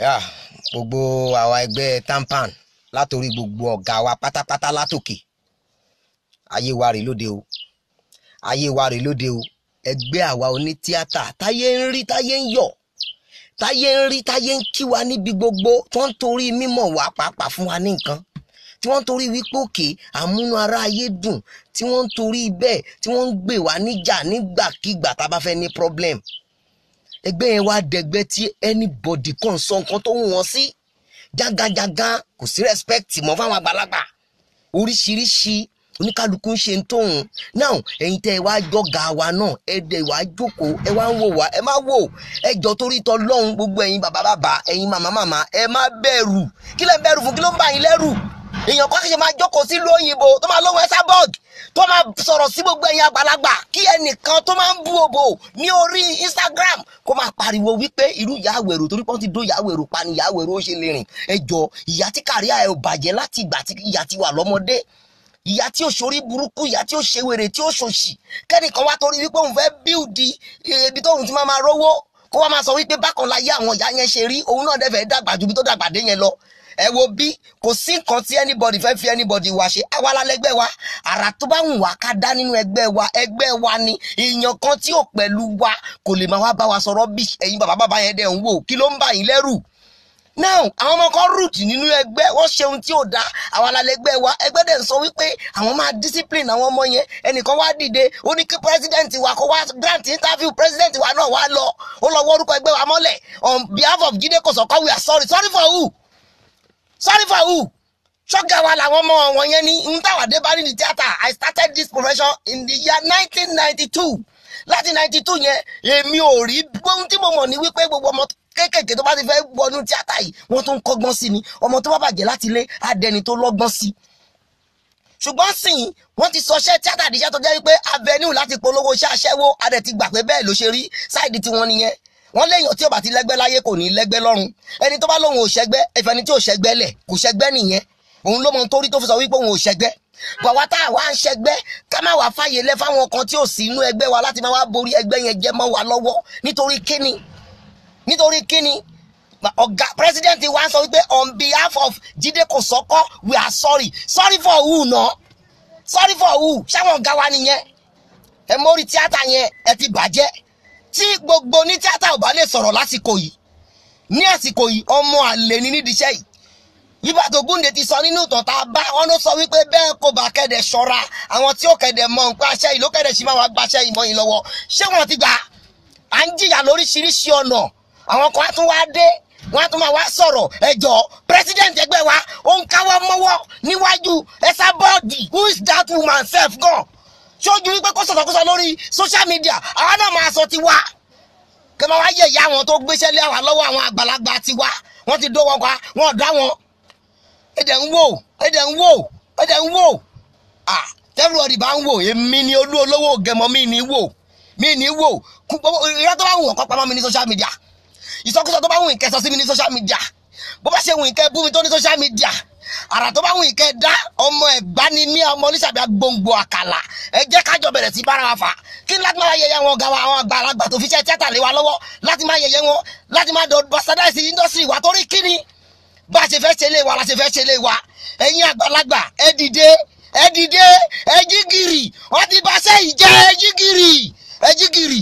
yà gbogbo àwa ẹgbẹ́ tampan látòrí gbogbo ọ̀gá wa pátápátá látòkè ayé wa rèé lóde o ayé wa rèé lóde o ẹgbẹ́ àwa onítíátà táyé ń rí táyé ń yọ̀ táyé ń rí táyé ń kí wa níbi gbogbo tó ń torí mímọ̀ wá pàápàá fún wa ní nǹkan tí wọ́n ń torí wípé òkè àmúnú ara ayé dùn tí wọ́n ń torí bẹ́ẹ̀ tí wọ́n ń gbè wá níjà nígbàkigbà tá a bá fẹ́ ní problem ẹgbẹ́ yẹn wá dẹgbẹ́ tí anybody kàn sọ nǹkan tó wù wọ́n sí jágajàga kò sí respect mọ́ fáwọn àgbàlagbà oríṣiríṣi oníkálukú ń ṣe tóun náà ẹ̀yin tẹ́ ẹ wá jọ̀gá wa náà ẹ dẹ̀ wá jókòó ẹ wá ń wò wá ẹ má wò ẹ jọ torí tọ lọ́hùn gbogbo ẹ̀yin bàbá bàbá ẹ̀yin màmá màmá ẹ má bẹ̀rù kí lẹ ń bẹ̀rù fún kí ló ń bà yín lẹ́rù èèyàn kọ́ ṣe máa jókòó sí lóyìnbó tó máa lọ́wọ́ ẹ sábọ́ọ̀gì tó máa sọ̀rọ̀ sí gbogbo ẹ̀yin àgbàlagbà kí ẹnìkan tó máa ń bú òbò ní orí Instagram kó máa pariwo wípé irú yàwèrò torí pọ́n ti dó yàwèrò pani yàwèrò ó ṣe lè rìn ẹjọ́ ìyá tí kàríà ẹ̀ bàjẹ́ láti ìgbà tí ìyá ti wà lọ́mọdé ìyá tí ó ṣorí burúkú ìyá tí ó ṣe wèrè tí ó ṣòṣì kẹ́nìkan wá torí wípé òun fẹ́ bíldì ibi tóun ti máa máa rówó kó wá máa sọ wípé bákan láyé àwọn ìyá yẹn ṣe rí òun náà dẹ́fẹ̀ẹ́ dàgbà ju ibi tó dàgbà dé yẹn lọ ẹ wo bí kò sí nǹkan tí anybody fẹ́ fi anybody wá ṣe àwa lálẹ́gbẹ́ wa àrà tó bá wù wá ká dá nínú ẹgbẹ́ wa ẹgbẹ́ wa ni èèyàn kan tí ò pẹ̀lú wa kò lè máa wá bá wa sọ̀rọ̀ bí ẹ̀yin bàbá bàbá yẹn dẹ̀ ń wò kí ló ń bà yín lẹ́rù now àwọn ọmọ kan root nínú ẹgbẹ́ wọ́n ṣe ohun tí ò dáa àwọn alálẹ́gbẹ́ wa ẹgbẹ́ dẹ̀ ń sọ wípé àwọn máa discipline àwọn ọmọ yẹn ẹnìkan wá dìde ó ní kí president wa kó wá grant interview president wa náà wá lọ ó lọ wọ orúkọ ẹgbẹ́ wa mọ́lẹ̀ on behalf of Jide Kosoko we are sorry sorry for who sọ́rífà hù ṣọ́gà wa làwọn ọmọ wọn yẹn ní ntàwádé bá rí ní tíátà I started this profession in the year nineteen ninety two láti ninety two yẹn èmi ò rí gbóhùn tí mo mọ̀ ní wípé gbogbo ọmọ kéékèèké tó bá ti fẹ́ wọnú tíátà yìí wọ́n tún kọ́gbọ́n sí ni ọmọ tó bá bàjẹ́ láti ilé adẹni tó lọ́gbọ́n sí ṣùgbọ́n sìn wọ́n ti sọ ṣẹ́ tíátà àdìṣẹ́ tó jẹ́ wípé avenue láti polówó iṣẹ́ aṣẹ́wó adẹ̀ ti gbà pé bẹ́ẹ̀ ló ṣe rí sáìdì tí wọ́n nìyẹn wọ́n léèyàn tí ò bá ti lẹ́gbẹ́ láyé kò ní lẹ́gbẹ́ lọ́run ẹni tó bá lóun ò ṣẹgbẹ́ ẹfẹni tí ò ṣẹgbẹ́ lẹ̀ kò ṣẹgbẹ́ nìyẹn òun ló mọ nítorí tó fi sọ wípé òun ò ṣẹgbẹ́ bàwa tá a wá ń ṣẹgbẹ́ ká má wàá fàyè lẹ fáwọn kan tí ò sí inú ẹgbẹ́ wa láti máa wá borí ẹgbẹ́ yẹn jẹ mọ́ wa lọ́wọ́ nítorí kíni nítorí kíni ọ̀gá president wa sọ wípé on behalf of Jídé Kòsọ́kọ́ we are sorry sorry for who na sorry for who ṣáwọn ọ̀gá wa nìyẹn ẹ mórí tíátà yẹn ẹ ti bàjẹ́ tí gbogbo ní tíátà ò bá lè sọ̀rọ̀ lásìkò yìí ní àsìkò yìí ọmọ àlè ni nídìí yìí yíba tó gúnde ti sọ nínú ìtàn tá a bá wọn ló sọ wípé bẹ́ẹ̀ kò bá kẹ́dẹ̀ ṣọ́ra àwọn tí ó kẹ́dẹ̀ mọ nǹkan aṣẹ́ yìí ló kẹ́dẹ̀ sì máa wá gbaṣẹ́ ìmọ̀ yìí lọ́wọ́ ṣé wọn ti gbà á ń jìyà lóríṣiríṣi ọ̀nà àwọn kan á tún wá dé wọn á tún máa wá sọ̀rọ̀ ẹjọ́ president ẹgbẹ́ wa ó ń káwọ́ mọ́wọ́ níwájú ẹ̀sà bọ́ọ̀dì who is that woman self gan ṣojú wípé kó sọ̀sọ̀kúsọ lórí social media àwọn náà máa sọ tiwa kí wọ́n wá yẹ ìyá àwọn tó gbéṣẹ́ lé àwa lọ́wọ́ àwọn àgbàlagbà tiwa wọ́n ti dó wọn pa wọ́n dá wọn ẹ̀dẹ̀ ń wò ẹ̀dẹ̀ ń wò ẹ̀dẹ̀ ń wò tẹ́rù ọ̀dì bá ń wò èmi ni olú olówó gẹ̀mọ́ mi ni wò mi ni wò ìrẹ́ tó bá wù wọ́n kọ́ pamọ́ mi ní social media ìsọkúsọ tó bá wù ìkẹsọ sí mi ní social media bó bá ṣe wù ìkẹ́ bú mi tó ní social media àrà tó bá wù yín kẹ́ dá ọmọ ẹ̀gbá ni mí ọmọ Onísàbí agbóǹgbò àkàlà ẹ jẹ́ kájọ bẹ̀rẹ̀ sí bára wa fà kí láti máa yẹyẹ àwọn ọ̀gá wa àwọn àgbàlagbà tó fi ṣe tíátà lé wa lọ́wọ́ láti máa yẹyẹ wọn láti máa dọ̀ basadaisi indọ́sírì wa torí kí ni bá a ṣe fẹ́ ṣe lé wa la ṣe fẹ́ ṣe lé wa ẹ̀yin àgbàlagbà ẹ dìde ẹ dìde ẹ jí gìrì wọ́n bá ṣe ìjẹ́ ẹ jí gìrì ẹ jí gìrì